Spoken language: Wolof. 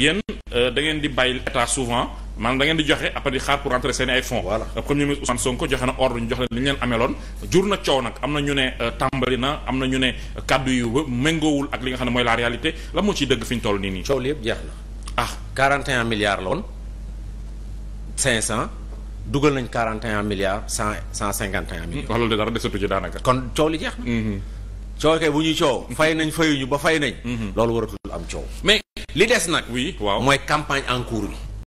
yéen euh, da ngeen di bàyyi état souvent maanaam da ngeen di joxe après di xaar pour rentrer seen ay fonds. voilà premier ministre Ousmane Sonko joxe na ordre ñu jox leen li ñu leen ameloon. jur na coow nag am na ñu ne euh, tàmbali na am na ñu ne euh, kàddu yu méngoowul ak li nga xam ne mooy la réalité la moo ciy dëgg fi ñu toll nii nii. coow li yëpp jeex na ah 41 milliards la woon 500 dugal nañ 41 milliards 100 151 millions. wala dara desatu ci daanaka. kon coow li jeex na. Mm-hmm. coow kay bu ñuy coow. fay nañ fayuñu ba fay nañ. Mm-hmm. loolu waratul am coow. mais li des nag. oui waaw mooy campagne en cours bi.